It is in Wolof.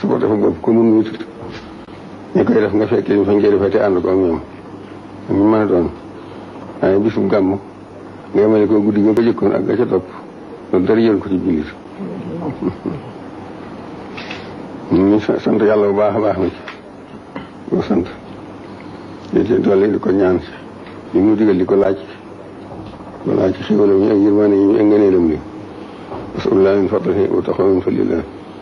supporté fa bopp ku mun wutut ñi koy def nga fekkee ñu fañ koy defee te ànd ko ak ñoom ñu a doon waaye bisu gàmm nga mel ne ko guddi nga ko jëkkoon ak ga ca topp ko ci jullit ñu sant yàlla bu baax a baax na ci ko sant di ci dolli ko ñaan ci li mu digal di ko laaj ko laaj ci xéwalam yi ak yërmaane yi ak ngëneelam li asalaamaaleykum wa rahmatulah wa